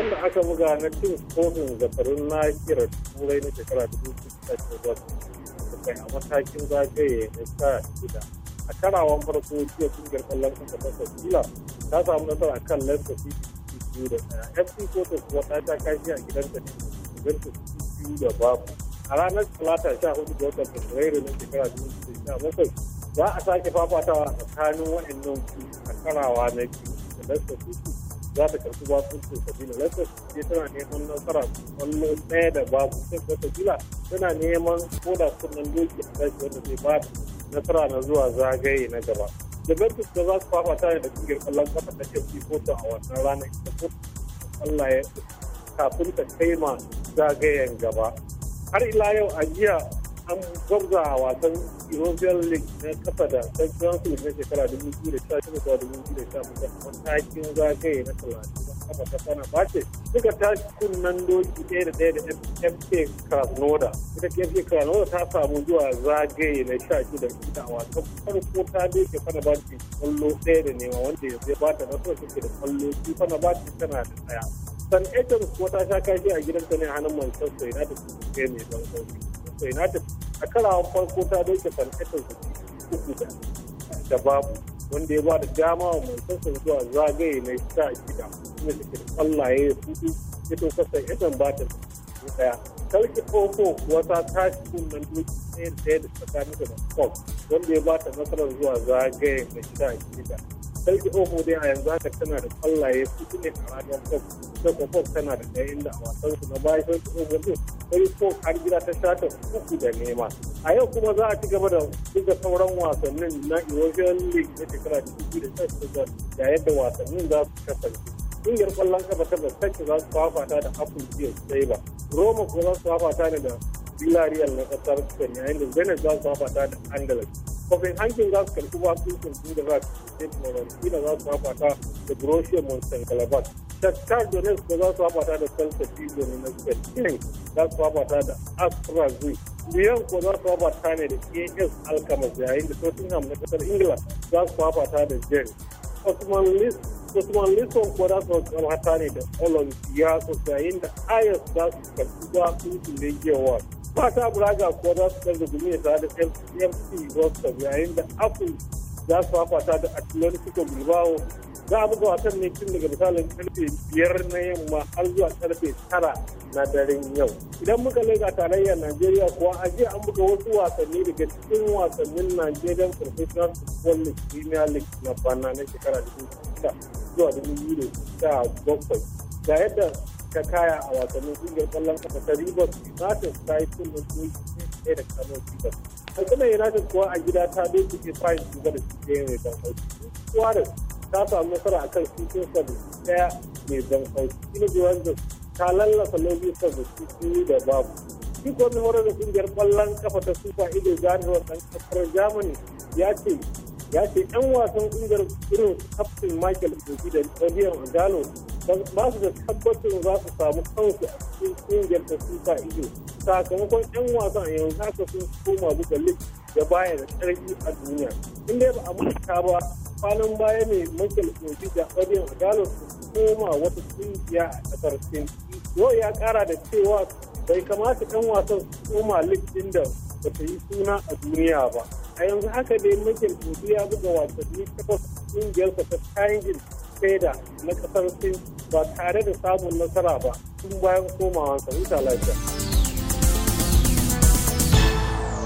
wasan da aka buga na cin kofin zafarin kira turai na shekara kai a matakin zagaye na sa gida a karawan farko jiya kungiyar kwallon kafa ta sabila ta samu nasara kan leicester city biyu da ɗaya fc porto kuwa ta ta kashi a gidanta ne juventus biyu da babu a ranar talata sha hudu da watan fabrairu na shekara dubu da sha bakwai za a sake fafatawa a tsakanin waɗannan a karawa na biyu da leicester city za ta karɓi bakuncin sabila lakos sai tana neman nasara kwallo ɗaya da babu sai kuma sabila tana neman koda sunan doki a tashi wanda zai ba nasara na zuwa zagaye na gaba juventus da za su ta ne da kungiyar kwallon kafa ta chelsea kotu a wannan ranar ita kotu allah ya kafin ta kai ma zagayen gaba har ila yau a jiya an gwabza a wasan european league na kafa da champions league na shekara 2016 zuwa 2017 matakin zagaye na talatin kafa ta sana bace suka tashi kunnen doki ɗaya da ɗaya da fk krasnoda ita fk krasnoda ta samu zuwa zagaye na sha shida ita a wasan farko ta doke fana bace kwallo ɗaya da nema wanda yanzu ya bata nasarar take da kwallo shi fana bace tana da ɗaya san ejams kuwa ta sha kashi a gidanta ne a hannun manchester united su ke mai ɗan united a karawar farko ta doke fantashin uku da babu wanda ya ba da dama wa manchester zuwa zagaye mai sa gida kuma da kwallaye ya fudu ya to kasa ba ta daya kalki koko wata ta ci nan doki ɗaya da ɗaya da tsakanin da wanda ya ba ta nasarar zuwa zagaye mai sa gida Belgi Omo dai a yanzu haka tana da kwallaye su ne a ranar Cup. ta Cup tana da ɗaya inda a wasan su na bayan Belgi Omo din Belgi har gida ta shata uku da nema. A yau kuma za a ci gaba da buga sauran wasannin na European League na shekara 2016 da yadda wasannin za su kasance. kungiyar kwallon kafa ta Versace za su fafata da Apple Field sai ba. Roma kuma za su fafata ne da Villarreal na kasar Spain yayin da Venice za su fafata da Andalus. hankin za su kuma su sun da za su ce Florentino za su hafata da san galabat. Shakhtar Donetsk ba za su hafata da Celta Vigo ne na Spain za su hafata da Astra biyan ko za su hafata ne da AS Alkmaar yayin da Tottenham na kasar Ingila za su hafata da Jen. Osman Usman Lisson ko za su hafata ne da Olympiacos yayin da Ayas za su karɓi su sun da yawa mata braga kuwa za su ɗaga gumi da tare da fc boston yayin da apple za su fafata da atletico bilbao za a buga wasan ne tun daga misalin karfe biyar na yamma har zuwa karfe tara na daren yau idan muka lega tarayyar najeriya kuwa a jiya an buga wasu wasanni daga cikin wasannin nigerian professional football league premier league na bana na shekara 2006 zuwa 2007 ga yadda ta kaya a wasannin ƙungiyar kwallon kafa ta Rivers United ta yi kullum doki ɗaya da Kano Rivers. Hakuna United kuwa a gida ta doki ke fayin shiga da suke mai ban hauki. Suarez ta samu nasara a kan cikin sa ɗaya mai ban hauki. Ina Juwanzu ta lallasa Lobi sa da yi da babu. Duk wani horar da ƙungiyar ƙwallon kafa ta Super Eagles January ɗan ƙasar Germany ya ce ya ce yan wasan kungiyar irin kaftin michael kofi da william gano ba su da tabbacin za su samu kansu a cikin kungiyar ta suka ido sakamakon yan wasan yanzu haka sun koma buga lig da baya da tsarki a duniya in dai ba a manta ba kwanan baya ne michael kofi da william gano su koma wata kungiya a kasar sin yau ya kara da cewa bai kamata yan wasan su koma lig din da ba ta yi suna a duniya ba a yanzu haka dai mijin Odu ya buga wasanni takwas ƙungiyarsa ta Triangle faida na ƙasar Sin ba tare da samun nasara ba tun bayan komawa sa lafiya.